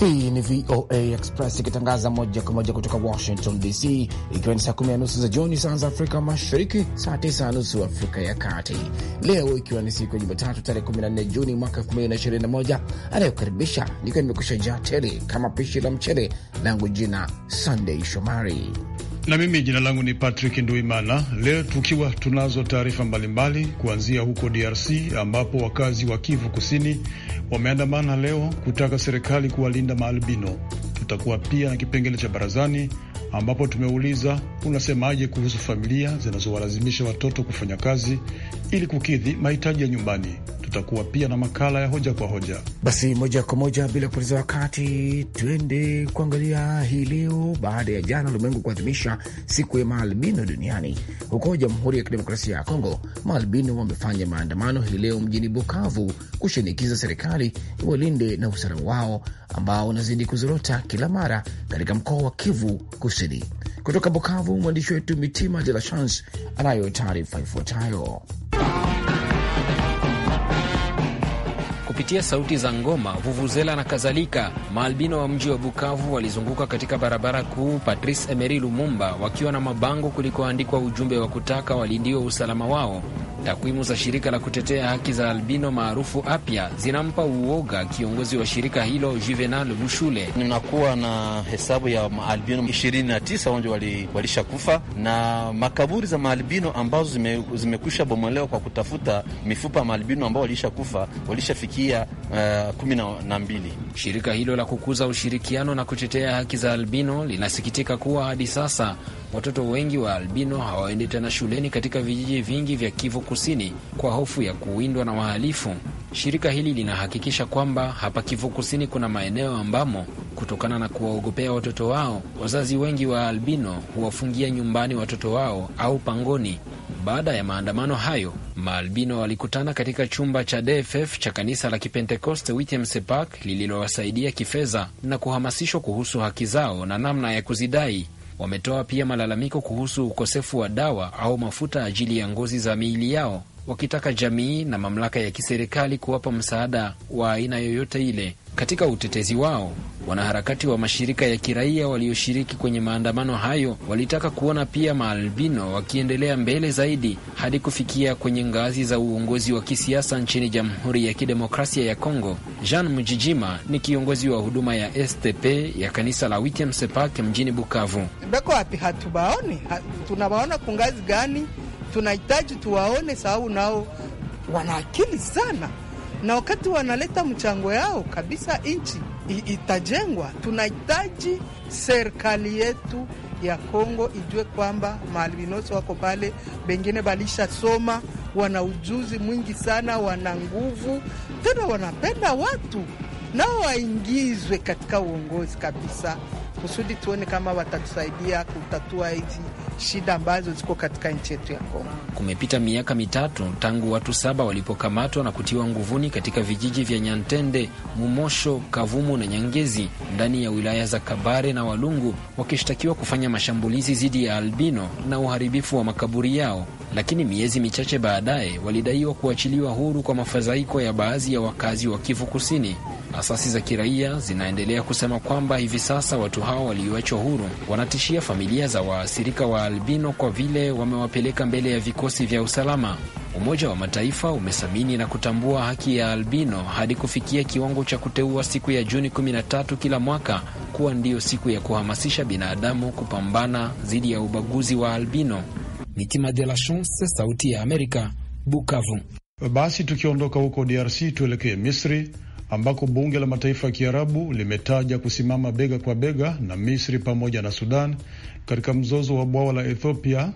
Hii ni VOA Express ikitangaza moja kwa moja kutoka Washington DC, ikiwa ni saa kumi na nusu za jioni saa za Afrika Mashariki, saa tisa na nusu Afrika ya Kati. Leo ikiwa ni siku ya Jumatatu tarehe 14 Juni mwaka 2021, anayokaribisha nikiwa nimekusha jaa tele kama pishi la mchele, langu jina Sunday Shomari na mimi jina langu ni Patrick Nduimana. Leo tukiwa tunazo taarifa mbalimbali, kuanzia huko DRC ambapo wakazi wa Kivu Kusini wameandamana leo kutaka serikali kuwalinda maalbino. Tutakuwa pia na kipengele cha barazani ambapo tumeuliza unasemaje kuhusu familia zinazowalazimisha watoto kufanya kazi ili kukidhi mahitaji ya nyumbani. Tutakuwa pia na makala ya hoja kwa hoja. Basi moja kwa moja bila kupoteza wakati, tuende kuangalia hii leo. Baada ya jana ulimwengu kuadhimisha siku ya maalbino duniani, huko Jamhuri ya Kidemokrasia ya Kongo maalbino wamefanya maandamano hii leo mjini Bukavu kushinikiza serikali iwalinde na usalama wao ambao unazidi kuzorota kila mara katika mkoa wa Kivu Kusini. Kutoka Bukavu, mwandishi wetu Mitima De La Chance anayo taarifa ifuatayo. kupitia sauti za ngoma, vuvuzela na kadhalika. Maalbino wa mji wa Bukavu walizunguka katika barabara kuu Patrice Emery Lumumba wakiwa na mabango kulikoandikwa ujumbe wa kutaka walindiwe usalama wao. Takwimu za shirika la kutetea haki za albino maarufu Apya zinampa uoga kiongozi wa shirika hilo Juvenal Bushule. Ninakuwa na hesabu ya maalbino 29 wanje walishakufa wali na makaburi za maalbino ambazo zimekwisha zime bomolewa kwa kutafuta mifupa ya maalbino ambao walishakufa walishafikia raia uh, na mbili. Shirika hilo la kukuza ushirikiano na kutetea haki za albino linasikitika kuwa hadi sasa watoto wengi wa albino hawaendi tena shuleni katika vijiji vingi vya Kivu Kusini kwa hofu ya kuwindwa na wahalifu. Shirika hili linahakikisha kwamba hapa Kivu Kusini kuna maeneo ambamo kutokana na kuwaogopea watoto wao, wazazi wengi wa albino huwafungia nyumbani watoto wao au pangoni baada ya maandamano hayo, maalbino walikutana katika chumba cha DFF cha kanisa la Kipentekoste Withem park lililowasaidia kifedha na kuhamasishwa kuhusu haki zao na namna ya kuzidai. Wametoa pia malalamiko kuhusu ukosefu wa dawa au mafuta ajili ya ngozi za miili yao wakitaka jamii na mamlaka ya kiserikali kuwapa msaada wa aina yoyote ile. Katika utetezi wao, wanaharakati wa mashirika ya kiraia walioshiriki kwenye maandamano hayo walitaka kuona pia maalbino wakiendelea mbele zaidi hadi kufikia kwenye ngazi za uongozi wa kisiasa nchini Jamhuri ya Kidemokrasia ya Kongo. Jean Mujijima ni kiongozi wa huduma ya STP ya kanisa la Witiem mjini Bukavu. Beko Hatubaoni, tunawaona kungazi gani? tunahitaji tuwaone, sababu nao wana akili sana, na wakati wanaleta mchango yao kabisa, nchi itajengwa. Tunahitaji serikali yetu ya Kongo ijue kwamba maalbinosi wako pale, bengine balishasoma, wana ujuzi mwingi sana, wana nguvu tena, wanapenda watu nao waingizwe katika uongozi kabisa, kusudi tuone kama watatusaidia kutatua hizi shida ambazo ziko katika nchi yetu ya Kongo. Kumepita miaka mitatu tangu watu saba walipokamatwa na kutiwa nguvuni katika vijiji vya Nyantende, Mumosho, Kavumu na Nyangezi ndani ya wilaya za Kabare na Walungu, wakishtakiwa kufanya mashambulizi dhidi ya albino na uharibifu wa makaburi yao, lakini miezi michache baadaye walidaiwa kuachiliwa huru kwa mafadhaiko ya baadhi ya wakazi wa Kivu Kusini. Asasi za kiraia zinaendelea kusema kwamba hivi sasa watu hao walioachwa huru wanatishia familia za waathirika wa albino kwa vile wamewapeleka mbele ya vikosi vya usalama. Umoja wa Mataifa umethamini na kutambua haki ya albino hadi kufikia kiwango cha kuteua siku ya Juni 13 kila mwaka kuwa ndiyo siku ya kuhamasisha binadamu kupambana dhidi ya ubaguzi wa albino. Mitima de la Chance, Sauti ya Amerika, Bukavu. Basi tukiondoka huko DRC tuelekee Misri ambako bunge la mataifa ya Kiarabu limetaja kusimama bega kwa bega na Misri pamoja na Sudan katika mzozo wa bwawa la Ethiopia.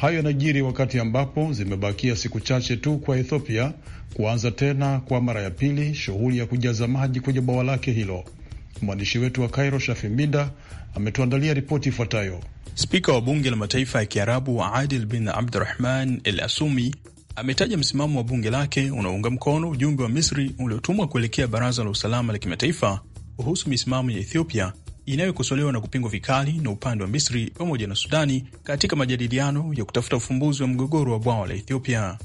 Hayo yanajiri wakati ambapo zimebakia siku chache tu kwa Ethiopia kuanza tena kwa mara ya pili shughuli ya kujaza maji kwenye bwawa lake hilo. Mwandishi wetu wa Kairo, Shafi Mbinda, ametuandalia ripoti ifuatayo. Spika wa bunge la mataifa ya Kiarabu Adil bin Abdurahman El Asumi ametaja msimamo wa bunge lake unaounga mkono ujumbe wa Misri uliotumwa kuelekea Baraza la Usalama la Kimataifa kuhusu misimamo ya Ethiopia inayokosolewa na kupingwa vikali na upande wa Misri pamoja na Sudani katika majadiliano ya kutafuta ufumbuzi wa mgogoro wa bwawa la Ethiopia.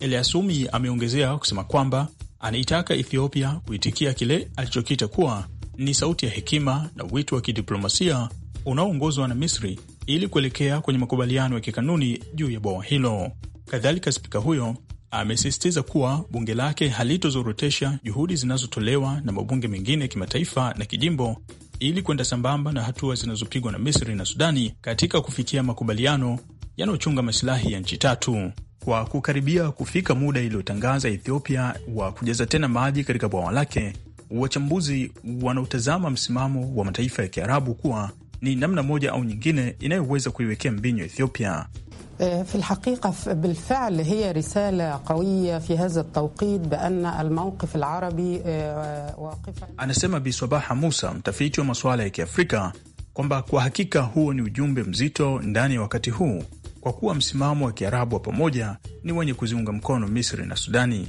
Eliasumi ameongezea kusema kwamba anaitaka Ethiopia kuitikia kile alichokiita kuwa ni sauti ya hekima na wito wa kidiplomasia unaoongozwa na Misri ili kuelekea kwenye makubaliano ya kikanuni juu ya bwawa hilo. Kadhalika, spika huyo amesisitiza kuwa bunge lake halitozorotesha juhudi zinazotolewa na mabunge mengine kimataifa na kijimbo ili kwenda sambamba na hatua zinazopigwa na Misri na Sudani katika kufikia makubaliano yanayochunga masilahi ya nchi tatu. Kwa kukaribia kufika muda iliyotangaza Ethiopia wa kujaza tena maji katika bwawa lake, wachambuzi wanaotazama msimamo wa mataifa ya Kiarabu kuwa ni namna moja au nyingine inayoweza kuiwekea mbinyo Ethiopia في الحقيقة بالفعل هي رسالة قوية في هذا التوقيت بأن الموقف العربي واقفا. Anasema Bi Swabaha Musa, mtafiti wa masuala ya Kiafrika, kwamba kwa hakika huo ni ujumbe mzito ndani ya wakati huu, kwa kuwa msimamo wa Kiarabu wa pamoja ni wenye kuziunga mkono Misri na Sudani.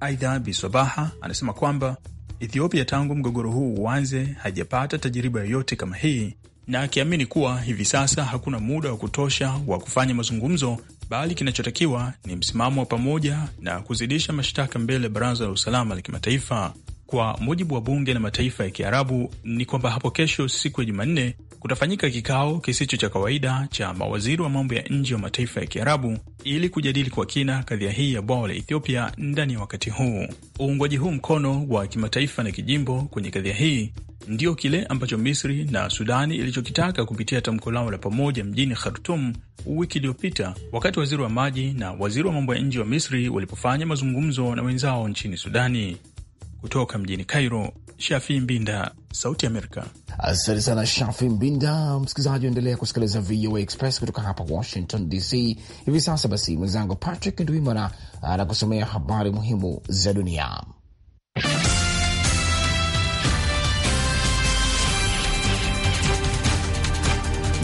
Aidha, Bi Swabaha anasema kwamba Ethiopia tangu mgogoro huu uanze hajapata tajiriba yoyote kama hii na akiamini kuwa hivi sasa hakuna muda wa kutosha wa kufanya mazungumzo, bali kinachotakiwa ni msimamo wa pamoja na kuzidisha mashtaka mbele ya Baraza la Usalama la Kimataifa. Kwa mujibu wa bunge la mataifa ya Kiarabu ni kwamba hapo kesho, siku ya Jumanne, kutafanyika kikao kisicho cha kawaida cha mawaziri wa mambo ya nje wa mataifa ya Kiarabu ili kujadili kwa kina kadhia hii ya bwawa la Ethiopia ndani ya wakati huu. Uungwaji huu mkono wa kimataifa na kijimbo kwenye kadhia hii ndiyo kile ambacho Misri na Sudani ilichokitaka kupitia tamko lao la pamoja mjini Khartum wiki iliyopita, wakati waziri wa maji na waziri wa mambo ya nje wa Misri walipofanya mazungumzo na wenzao nchini Sudani. Kutoka mjini Cairo, Shafi Mbinda, Sauti Amerika. Asante sana Shafi Mbinda. Msikilizaji, endelea kusikiliza VOA Express kutoka hapa Washington DC hivi sasa. Basi mwenzangu Patrick Ndwimana anakusomea habari muhimu za dunia.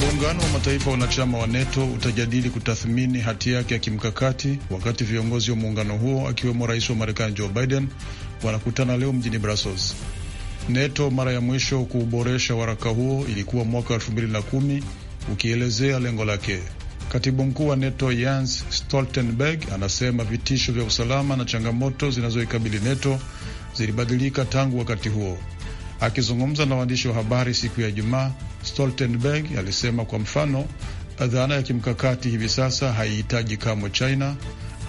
Muungano wa mataifa wanachama wa NATO utajadili kutathmini hati yake ya kimkakati wakati viongozi wa muungano huo akiwemo rais wa Marekani Joe Biden wanakutana leo mjini Brussels. NATO mara ya mwisho kuuboresha waraka huo ilikuwa mwaka 2010 ukielezea lengo lake. Katibu mkuu wa NATO Jens Stoltenberg anasema vitisho vya usalama na changamoto zinazoikabili NATO zilibadilika tangu wakati huo. Akizungumza na waandishi wa habari siku ya Ijumaa, Stoltenberg alisema kwa mfano, dhana ya kimkakati hivi sasa haihitaji kamwe China.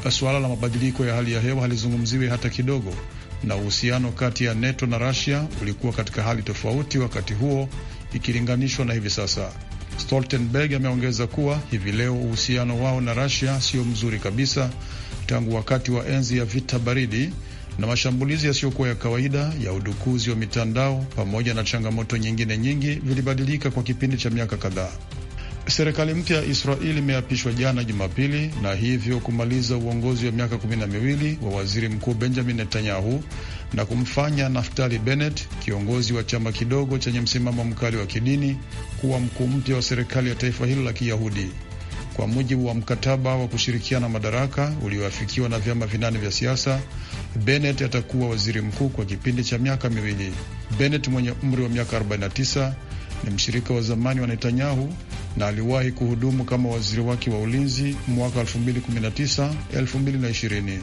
Suala la mabadiliko ya hali ya hewa halizungumziwi hata kidogo, na uhusiano kati ya NATO na Russia ulikuwa katika hali tofauti wakati huo ikilinganishwa na hivi sasa. Stoltenberg ameongeza kuwa hivi leo uhusiano wao na Russia sio mzuri kabisa tangu wakati wa enzi ya vita baridi na mashambulizi yasiyokuwa ya kawaida ya udukuzi wa mitandao pamoja na changamoto nyingine nyingi vilibadilika kwa kipindi cha miaka kadhaa. Serikali mpya ya Israeli imeapishwa jana Jumapili na hivyo kumaliza uongozi wa miaka kumi na miwili wa waziri mkuu Benjamin Netanyahu na kumfanya Naftali Bennett, kiongozi wa chama kidogo chenye msimamo mkali wa kidini, kuwa mkuu mpya wa serikali ya taifa hilo la Kiyahudi. Kwa mujibu wa mkataba wa kushirikiana madaraka ulioafikiwa na vyama vinane vya siasa, Bennett atakuwa waziri mkuu kwa kipindi cha miaka miwili. Bennett mwenye umri wa miaka 49 ni mshirika wa zamani wa Netanyahu na aliwahi kuhudumu kama waziri wake wa ulinzi mwaka 2019 2020.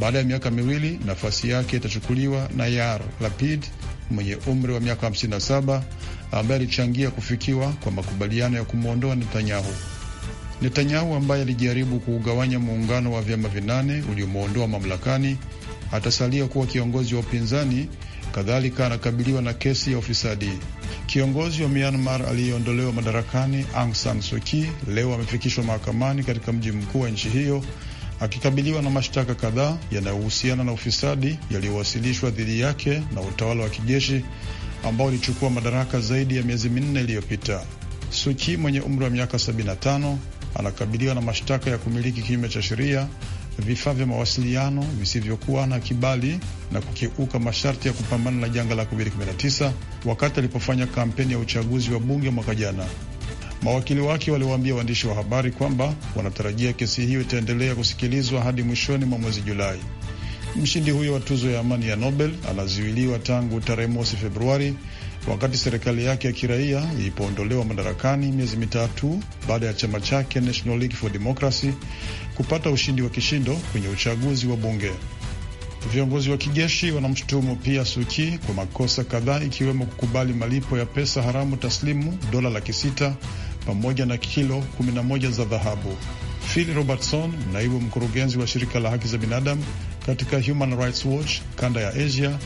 Baada ya miaka miwili, nafasi yake itachukuliwa na Yair Lapid mwenye umri wa miaka 57 ambaye alichangia kufikiwa kwa makubaliano ya kumwondoa Netanyahu. Netanyahu ambaye alijaribu kuugawanya muungano wa vyama vinane uliomwondoa mamlakani atasalia kuwa kiongozi wa upinzani kadhalika anakabiliwa na kesi ya ufisadi. Kiongozi wa Myanmar aliyeondolewa madarakani Aung San Suu Kyi leo amefikishwa mahakamani katika mji mkuu wa nchi hiyo akikabiliwa na mashtaka kadhaa yanayohusiana na ufisadi yaliyowasilishwa dhidi yake na utawala wa kijeshi ambao ulichukua madaraka zaidi ya miezi minne iliyopita. Suu Kyi mwenye umri wa miaka 75 anakabiliwa na mashtaka ya kumiliki kinyume cha sheria vifaa vya mawasiliano visivyokuwa na kibali na kukiuka masharti ya kupambana na janga la COVID-19 wakati alipofanya kampeni ya uchaguzi wa bunge mwaka jana. Mawakili wake waliwaambia waandishi wa habari kwamba wanatarajia kesi hiyo itaendelea kusikilizwa hadi mwishoni mwa mwezi Julai. Mshindi huyo wa tuzo ya amani ya Nobel anazuiliwa tangu tarehe mosi Februari wakati serikali yake ya kiraia ilipoondolewa madarakani miezi mitatu baada ya chama chake National League for Democracy kupata ushindi wa kishindo kwenye uchaguzi wa bunge. Viongozi wa kijeshi wanamshutumu pia Suki kwa makosa kadhaa ikiwemo kukubali malipo ya pesa haramu taslimu dola laki sita pamoja na kilo 11 za dhahabu. Phil Robertson, naibu mkurugenzi wa shirika la haki za binadamu katika Human Rights Watch kanda ya Asia,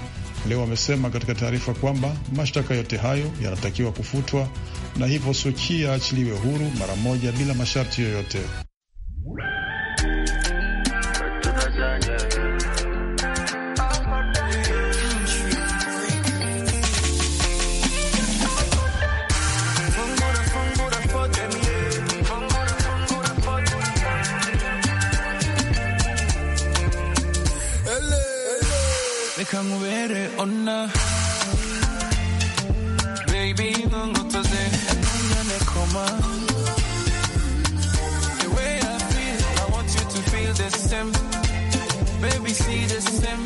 leo amesema katika taarifa kwamba mashtaka yote hayo yanatakiwa kufutwa na hivyo Suchi aachiliwe huru mara moja bila masharti yoyote. with it or not. Baby, 이건 어떠세? 난내 고마. The way I feel, I want you to feel the same. Baby, see the same.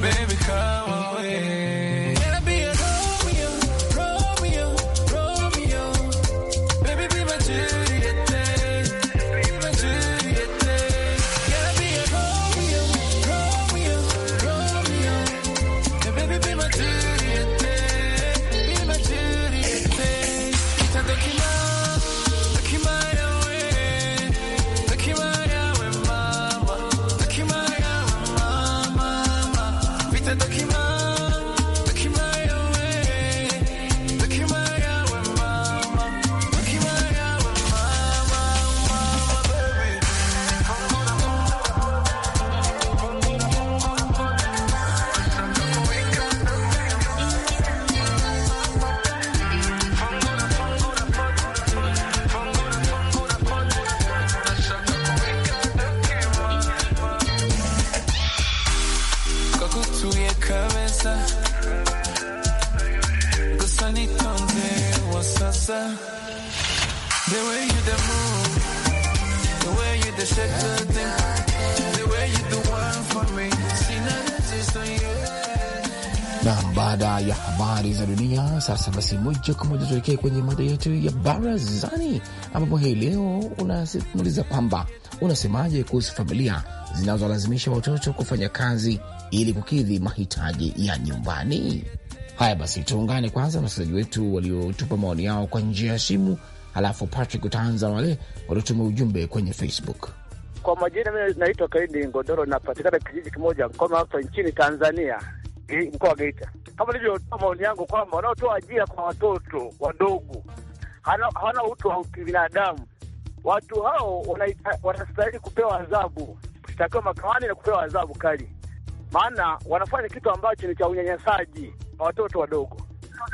Baby, come away. tuye kabeza, gusa the way you the move, the way you the shake the thing, the way you the one for me, sina Nam, baada ya habari za dunia sasa, basi moja kwa moja tuelekee kwenye mada yetu ya barazani, ambapo hii leo unasimuliza kwamba unasemaje kuhusu familia zinazolazimisha watoto kufanya kazi ili kukidhi mahitaji ya nyumbani. Haya basi, tuungane kwanza na wasikilizaji wetu waliotupa maoni yao kwa njia ya simu, halafu Patrick utaanza wale waliotuma ujumbe kwenye Facebook. Kwa majina, mi naitwa Kaindi Ngodoro, napatikana kijiji kimoja Nkoma hapa nchini Tanzania, mkoa wa Geita. Kama nilivyotoa maoni yangu kwamba wanaotoa ajira kwa watoto wadogo hawana utu wa kibinadamu. Watu hao wanastahili kupewa adhabu, kushtakiwa mahakamani na kupewa adhabu kali maana wanafanya kitu ambacho ni cha unyanyasaji wa watoto wadogo.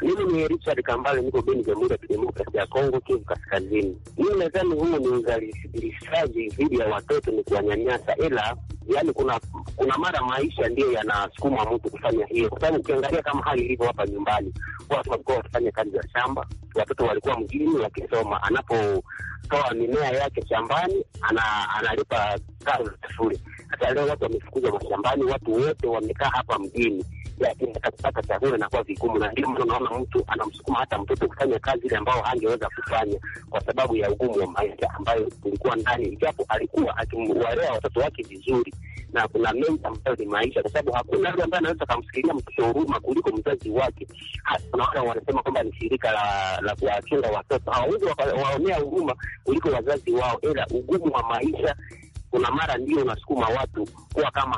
Mimi ni Richard Kambale, niko Beni, Jamhuri ya Kidemokrasia ya Kongo, Kivu Kaskazini. Mimi nadhani huu ni udhalilishaji dhidi ya watoto, ni kuwanyanyasa, ila yani kuna kuna mara maisha ndiyo yanasukuma mtu kufanya hiyo, kwa sababu ukiangalia kama hali ilivyo hapa nyumbani, watu walikuwa wakifanya kazi za shamba, watoto walikuwa mjini wakisoma, anapotoa mimea yake shambani ana, analipa karo za shule hata leo watu wamefukuzwa mashambani, watu wote wamekaa hapa mjini, lakini hata kupata chakula inakuwa vigumu, na ndio maana unaona mtu anamsukuma hata mtoto kufanya kazi ile ambayo hangeweza kufanya kwa sababu ya ugumu wa maisha ambayo ulikuwa ndani, ijapo alikuwa akimwalea watoto wake vizuri, na kuna mengi ambayo ni maisha, kwa sababu hakuna yule ambaye anaweza akamsikilia mtoto huruma kuliko mzazi wake. Hata unaona wanasema kwamba ni shirika la, la kuwachunga watoto, hawawezi waonea huruma kuliko wazazi wao, ila ugumu wa maisha kuna mara ndio unasukuma watu kuwa kama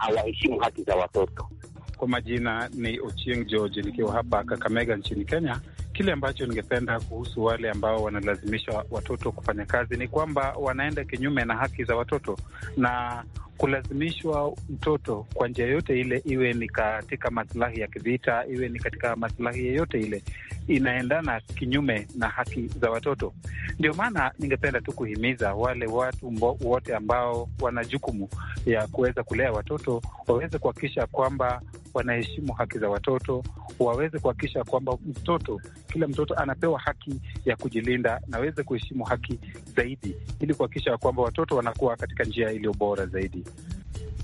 hawaheshimu haki za watoto. Kwa majina ni Ochieng George, nikiwa hapa Kakamega nchini Kenya. Kile ambacho ningependa kuhusu wale ambao wanalazimisha watoto kufanya kazi ni kwamba wanaenda kinyume na haki za watoto na kulazimishwa mtoto kwa njia yote ile, iwe ni katika masilahi ya kivita, iwe ni katika masilahi yeyote ile, inaendana kinyume na haki za watoto. Ndio maana ningependa tu kuhimiza wale watu wote ambao wana jukumu ya kuweza kulea watoto waweze kuhakikisha kwamba wanaheshimu haki za watoto, waweze kuhakikisha kwamba mtoto, kila mtoto anapewa haki ya kujilinda na aweze kuheshimu haki zaidi, ili kuhakikisha kwamba watoto wanakuwa katika njia iliyo bora zaidi.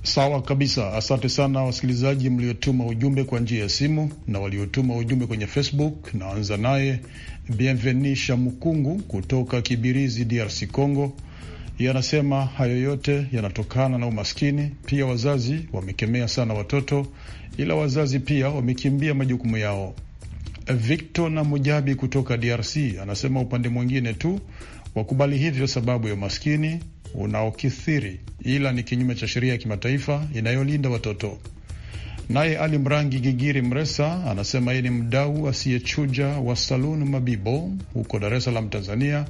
Sawa kabisa. Asante sana wasikilizaji mliotuma ujumbe kwa njia ya simu na waliotuma ujumbe kwenye Facebook. Naanza naye Bienveni Shamukungu kutoka Kibirizi, DRC Congo. Yanasema hayo yote yanatokana na umaskini. Pia wazazi wamekemea sana watoto, ila wazazi pia wamekimbia majukumu yao. Victor na Mujabi kutoka DRC anasema upande mwingine tu Wakubali hivyo sababu ya umaskini unaokithiri, ila ni kinyume cha sheria ya kimataifa inayolinda watoto. Naye Ali Mrangi Gigiri Mresa anasema yeye ni mdau asiyechuja wa Salun Mabibo huko Dar es Salaam, Tanzania,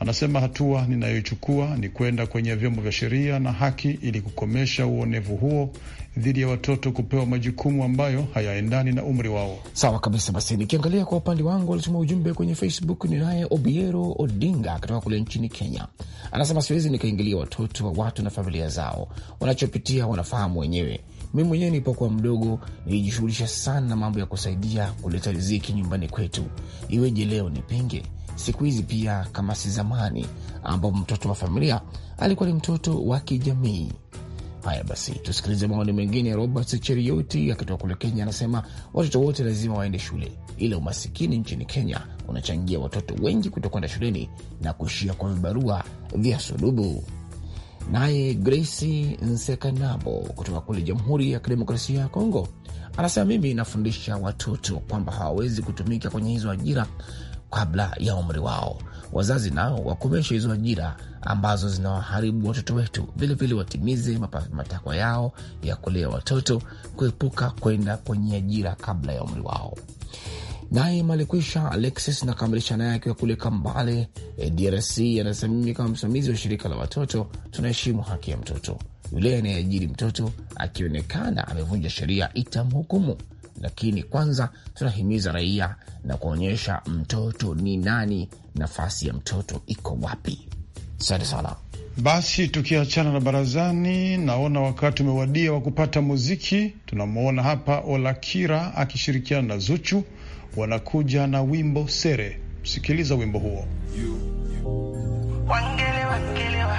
Anasema hatua ninayochukua ni kwenda kwenye vyombo vya sheria na haki ili kukomesha uonevu huo dhidi ya watoto kupewa majukumu ambayo hayaendani na umri wao. Sawa kabisa. Basi nikiangalia kwa upande wangu, alituma ujumbe kwenye Facebook ni naye Obiero Odinga kutoka kule nchini Kenya. Anasema siwezi nikaingilia watoto wa watu na familia zao, wanachopitia wanafahamu wenyewe mi mwenyewe nilipokuwa mdogo nilijishughulisha sana na mambo ya kusaidia kuleta riziki nyumbani kwetu, iweje leo nipinge? Siku hizi pia kama si zamani, ambapo mtoto wa familia alikuwa ni mtoto wa kijamii. Haya basi, tusikilize maoni mengine. Robert Cherioti akitoka kule Kenya anasema watoto wote lazima waende shule, ila umasikini nchini Kenya unachangia watoto wengi kutokwenda shuleni na kuishia kwa vibarua vya sulubu. Naye Grace Nsekanabo kutoka kule Jamhuri ya Kidemokrasia ya Kongo anasema mimi nafundisha watoto kwamba hawawezi kutumika kwenye hizo ajira kabla ya umri wao. Wazazi nao wakomeshe hizo ajira ambazo zinawaharibu watoto wetu, vilevile watimize matakwa yao ya kulea watoto, kuepuka kwenda kwenye ajira kabla ya umri wao. Naye Malikwisha Alexis nakamilisha naye akiwa kule Kambale, eh, DRC, anasamimi kama msimamizi wa shirika la watoto tunaheshimu haki ya mtoto. Yule anayeajiri mtoto akionekana amevunja sheria itamhukumu, lakini kwanza tunahimiza raia na kuonyesha mtoto ni nani, nafasi ya mtoto iko wapi. Asante sana. Basi tukiachana na barazani, naona wakati umewadia wa kupata muziki. Tunamwona hapa Olakira akishirikiana na Zuchu wanakuja na wimbo Sere. Sikiliza wimbo huo wangele, wangele, wa.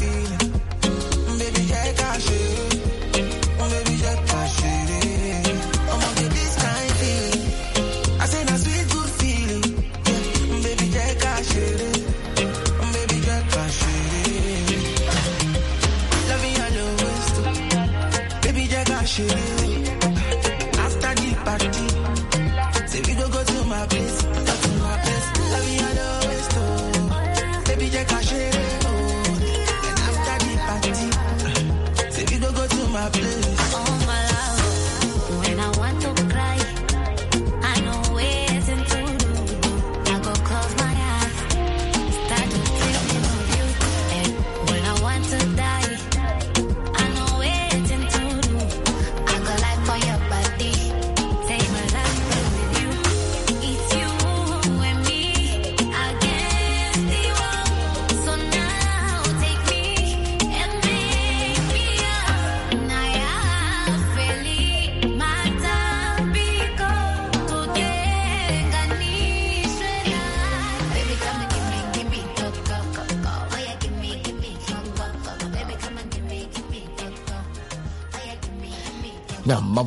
You.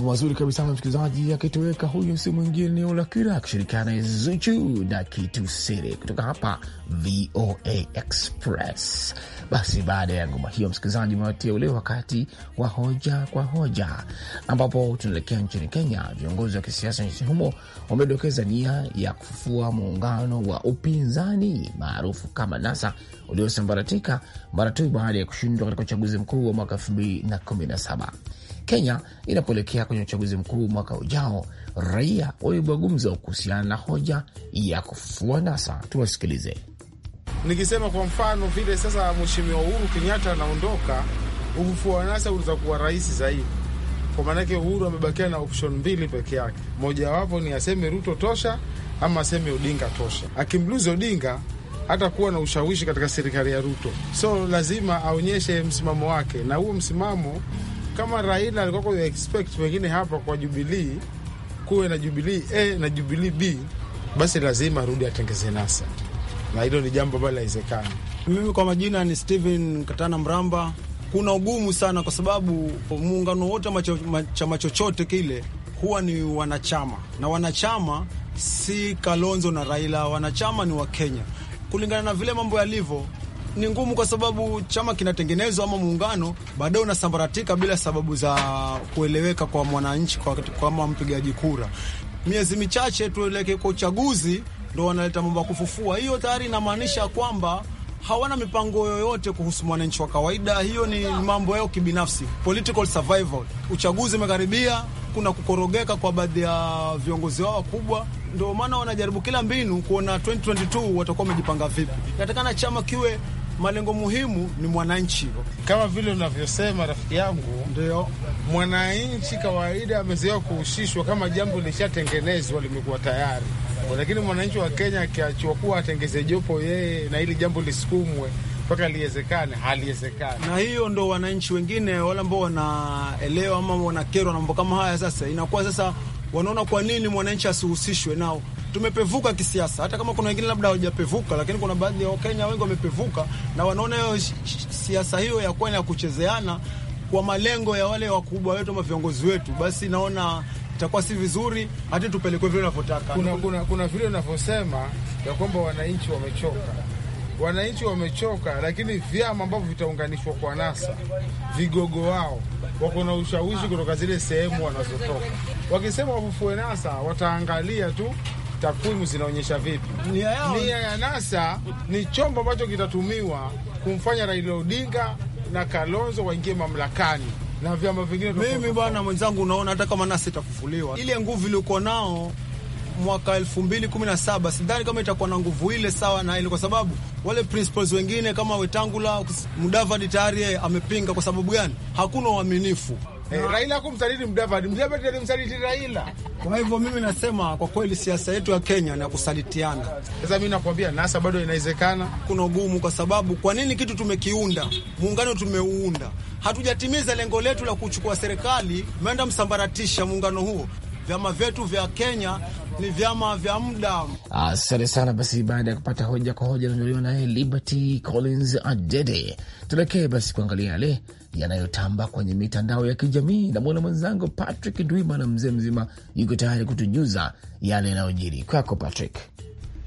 mazuri kabisa msikilizaji, akitoweka huyo si mwingine Ulakira akishirikiana na Zuchu na kitu siri kutoka hapa VOA Express. Basi baada ya ngoma hiyo, msikilizaji, umewatia ule wakati wa hoja kwa hoja, ambapo tunaelekea nchini Kenya. Viongozi wa kisiasa nchini humo wamedokeza nia ya kufufua muungano wa upinzani maarufu kama NASA uliosambaratika mara tu baada ya kushindwa katika uchaguzi mkuu wa mwaka saba. Kenya inapoelekea kwenye uchaguzi mkuu mwaka ujao, raia walibua gumzo kuhusiana na hoja ya kufufua NASA. Tuwasikilize. Nikisema kwa mfano vile sasa Mheshimiwa Uhuru Kenyatta anaondoka, ugufua wa NASA unaweza kuwa rahisi zaidi, kwa maanake Uhuru amebakia na option mbili peke yake, mojawapo ni aseme Ruto tosha ama aseme Odinga tosha. Akimluzi Odinga hata kuwa na ushawishi katika serikali ya Ruto, so lazima aonyeshe msimamo wake, na huo msimamo kama Raila alikuwa kwa expect pengine hapa kwa Jubilii kuwe na Jubilii A na Jubilii B, basi lazima arudi atengeze NASA na hilo ni jambo ambalo linawezekana. Mimi kwa majina ni Steven Katana Mramba. Kuna ugumu sana kwa sababu muungano wote chama chochote kile huwa ni wanachama, na wanachama si Kalonzo na Raila, wanachama ni Wakenya. Kulingana na vile mambo yalivyo, ni ngumu kwa sababu chama kinatengenezwa ama muungano baadaye unasambaratika bila sababu za kueleweka kwa mwananchi, kwa kama mpigaji kura. Miezi michache tuelekee kwa uchaguzi ndo wanaleta mambo ya kufufua. Hiyo tayari inamaanisha kwamba hawana mipango yoyote kuhusu mwananchi wa kawaida. Hiyo ni mambo yao kibinafsi, political survival. Uchaguzi umekaribia, kuna kukorogeka kwa baadhi ya viongozi wao wakubwa, ndio maana wanajaribu kila mbinu kuona 2022 watakuwa wamejipanga vipi. Natakana chama kiwe malengo muhimu ni mwananchi, kama vile unavyosema rafiki yangu. Ndio mwananchi kawaida amezoea kuhushishwa kama jambo lishatengenezwa, limekuwa tayari lakini mwananchi wa Kenya akiachiwa kuwa atengeze jopo yeye na hili jambo lisukumwe mpaka liwezekane, haliwezekani Na hiyo ndo wananchi wengine wale ambao wanaelewa ama wanakerwa na mambo kama haya, sasa inakuwa sasa wanaona kwa nini mwananchi asihusishwe nao. Tumepevuka kisiasa, hata kama kuna wengine labda hawajapevuka, lakini kuna baadhi ya Wakenya wengi wamepevuka na wanaona hiyo siasa hiyo ya kuwa ya kuchezeana kwa malengo ya wale wakubwa wetu ama viongozi wetu, basi naona itakuwa si vizuri, hata tupelekwe vile unavyotaka. Kuna, kuna, kuna vile unavyosema ya kwamba wananchi wamechoka, wananchi wamechoka, lakini vyama ambavyo vitaunganishwa kwa NASA, vigogo wao wako na ushawishi kutoka zile sehemu wanazotoka. Wakisema wafufue NASA, wataangalia tu takwimu zinaonyesha vipi. Nia ya NASA ni chombo ambacho kitatumiwa kumfanya Raila Odinga na Kalonzo waingie mamlakani na vyama vingine. Mimi bwana mwenzangu, unaona hata kama nasi itafufuliwa ile nguvu iliyokuwa nao mwaka 2017 sidhani kama itakuwa na nguvu ile sawa na ile, kwa sababu wale principals wengine kama Wetangula, Mudavadi tayari amepinga. Kwa sababu gani? Hakuna uaminifu. Hey, eh, Raila kumsaliti Mudavadi, Mudavadi alimsaliti Raila. Kwa hivyo mimi nasema kwa kweli siasa yetu ya Kenya ni ya kusalitiana. Sasa mimi nakwambia NASA bado inawezekana. Kuna ugumu kwa sababu kwa nini kitu tumekiunda? Muungano tumeuunda hatujatimiza lengo letu la kuchukua serikali, umeenda msambaratisha muungano huo. Vyama vyetu vya Kenya ni vyama vya muda. Asante sana. Basi baada ya kupata hoja kwa hoja naoliwa naye Liberty Collins Adede, tuelekee basi kuangalia yale yanayotamba kwenye mitandao ya kijamii. Namwona mwenzangu Patrick Ndwima na mzee mzima yuko tayari kutujuza yale yanayojiri. Kwako Patrick.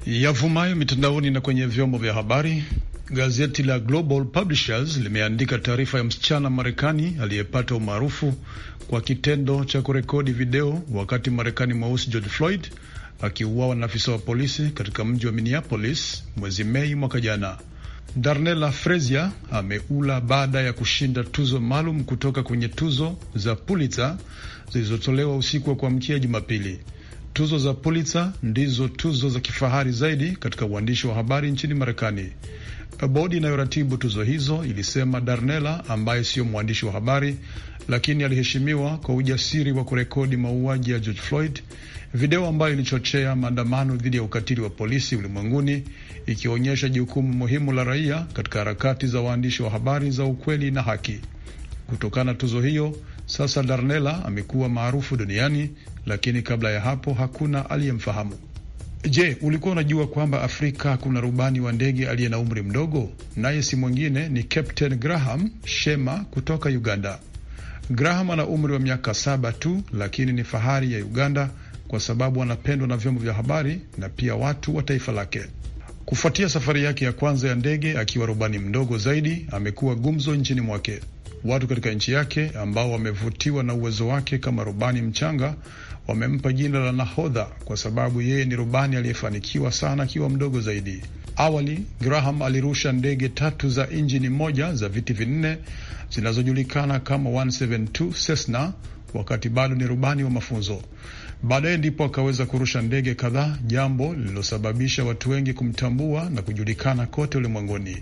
Yavumayo mitandaoni na kwenye vyombo vya habari Gazeti la Global Publishers limeandika taarifa ya msichana Marekani aliyepata umaarufu kwa kitendo cha kurekodi video wakati Marekani mweusi George Floyd akiuawa na afisa wa polisi katika mji wa Minneapolis mwezi Mei mwaka jana. Darnella Frazier ameula baada ya kushinda tuzo maalum kutoka kwenye tuzo za Pulitzer zilizotolewa usiku wa kuamkia Jumapili. Tuzo za Pulitzer ndizo tuzo za kifahari zaidi katika uandishi wa habari nchini Marekani. Bodi inayoratibu tuzo hizo ilisema Darnella, ambaye sio mwandishi wa habari lakini aliheshimiwa kwa ujasiri wa kurekodi mauaji ya George Floyd, video ambayo ilichochea maandamano dhidi ya ukatili wa polisi ulimwenguni, ikionyesha jukumu muhimu la raia katika harakati za waandishi wa habari za ukweli na haki. Kutokana na tuzo hiyo, sasa Darnella amekuwa maarufu duniani, lakini kabla ya hapo hakuna aliyemfahamu. Je, ulikuwa unajua kwamba Afrika kuna rubani wa ndege aliye na umri mdogo? Naye si mwingine ni Captain Graham Shema kutoka Uganda. Graham ana umri wa miaka saba tu, lakini ni fahari ya Uganda kwa sababu anapendwa na vyombo vya habari na pia watu wa taifa lake. Kufuatia safari yake ya kwanza ya ndege akiwa rubani mdogo zaidi, amekuwa gumzo nchini mwake. Watu katika nchi yake ambao wamevutiwa na uwezo wake kama rubani mchanga wamempa jina la nahodha kwa sababu yeye ni rubani aliyefanikiwa sana akiwa mdogo zaidi. Awali Graham alirusha ndege tatu za injini moja za viti vinne zinazojulikana kama 172 Cessna wakati bado ni rubani wa mafunzo. Baadaye ndipo akaweza kurusha ndege kadhaa, jambo lililosababisha watu wengi kumtambua na kujulikana kote ulimwenguni.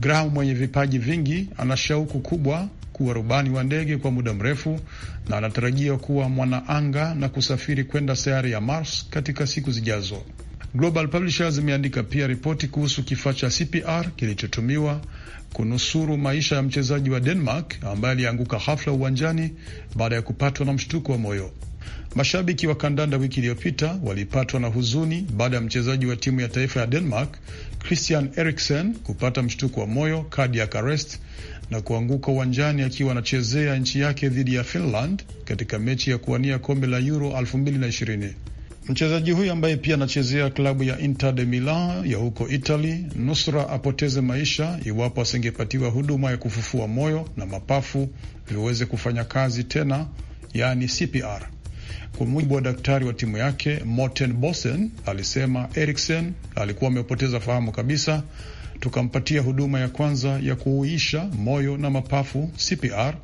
Graham mwenye vipaji vingi ana shauku kubwa kuwa rubani wa ndege kwa muda mrefu na anatarajia kuwa mwanaanga na kusafiri kwenda sayari ya Mars katika siku zijazo. Global Publishers imeandika pia ripoti kuhusu kifaa cha CPR kilichotumiwa kunusuru maisha ya mchezaji wa Denmark ambaye alianguka hafla uwanjani baada ya kupatwa na mshtuko wa moyo. Mashabiki wa kandanda wiki iliyopita walipatwa na huzuni baada ya mchezaji wa timu ya taifa ya Denmark Christian Eriksen kupata mshtuko wa moyo cardiac arrest na kuanguka uwanjani akiwa anachezea nchi yake dhidi ya Finland katika mechi ya kuwania kombe la Euro 2020. Mchezaji huyo ambaye pia anachezea klabu ya Inter de Milan ya huko Italy nusra apoteze maisha iwapo asingepatiwa huduma ya kufufua moyo na mapafu viweze kufanya kazi tena, yaani CPR. Kwa mujibu wa daktari wa timu yake Morten Bosen, alisema Eriksen alikuwa amepoteza fahamu kabisa. Tukampatia huduma ya kwanza ya kuuisha moyo na mapafu CPR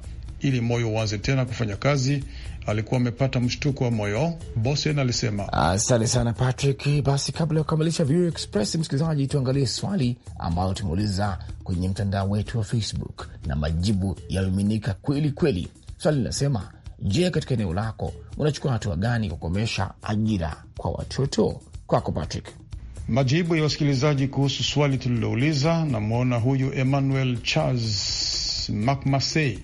ili moyo uanze tena kufanya kazi. Alikuwa amepata mshtuko wa moyo, Bosen alisema. Asante sana Patrick. Basi kabla ya kukamilisha VOA Express, msikilizaji, tuangalie swali ambayo tumeuliza kwenye mtandao wetu wa Facebook na majibu yamiminika kweli kweli. Swali linasema Je, katika eneo lako unachukua hatua gani kukomesha ajira kwa watoto? Kwako Patrick. Majibu ya wasikilizaji kuhusu swali tulilouliza. Namwona huyu Emmanuel Charles Macmasey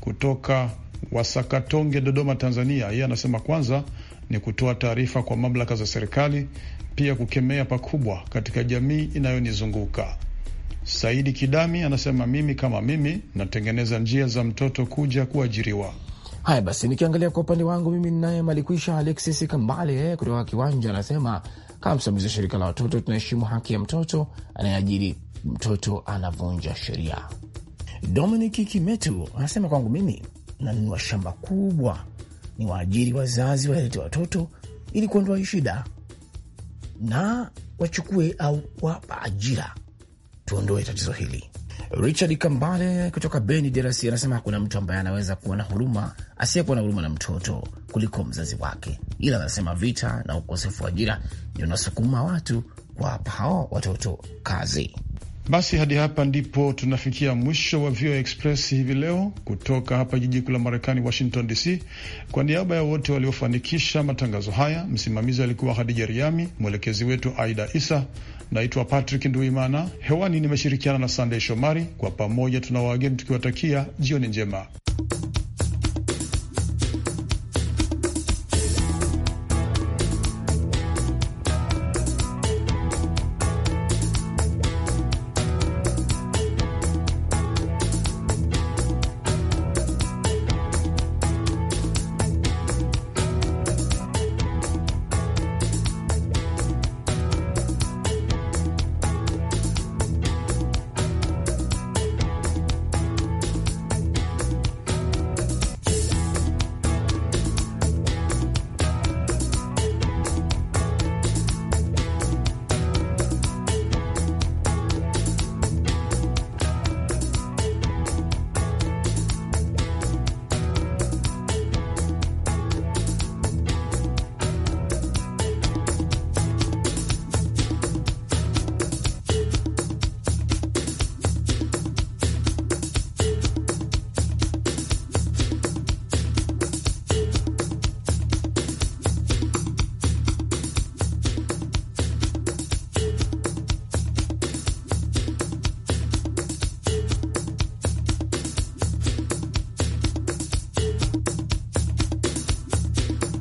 kutoka Wasakatonge, Dodoma, Tanzania. Yeye anasema kwanza ni kutoa taarifa kwa mamlaka za serikali, pia kukemea pakubwa katika jamii inayonizunguka. Saidi Kidami anasema mimi kama mimi natengeneza njia za mtoto kuja kuajiriwa. Haya basi, nikiangalia kwa upande wangu mimi ninaye malikwisha Alexis Kambale kutoka Kiwanja anasema kama msimamizi wa shirika la watoto tunaheshimu haki ya mtoto, anayeajiri mtoto anavunja sheria. Dominic Kimetu anasema kwangu mimi nanunua shamba kubwa, ni waajiri wazazi walete watoto ili kuondoa shida na wachukue au wapa ajira, tuondoe tatizo hili. Richard Kambale kutoka Beni, DRC anasema hakuna mtu ambaye anaweza kuwa na huruma asiyekuwa na huruma na mtoto kuliko mzazi wake, ila anasema vita na ukosefu wa ajira ndio unasukuma watu kuwapa pao watoto kazi. Basi hadi hapa ndipo tunafikia mwisho wa VOA Express hivi leo, kutoka hapa jiji kuu la Marekani, Washington DC. Kwa niaba ya wote waliofanikisha matangazo haya, msimamizi alikuwa Hadija Riami, mwelekezi wetu Aida Isa. Naitwa Patrick Nduimana, hewani nimeshirikiana na Sandey Shomari. Kwa pamoja tunawaageni tukiwatakia jioni njema.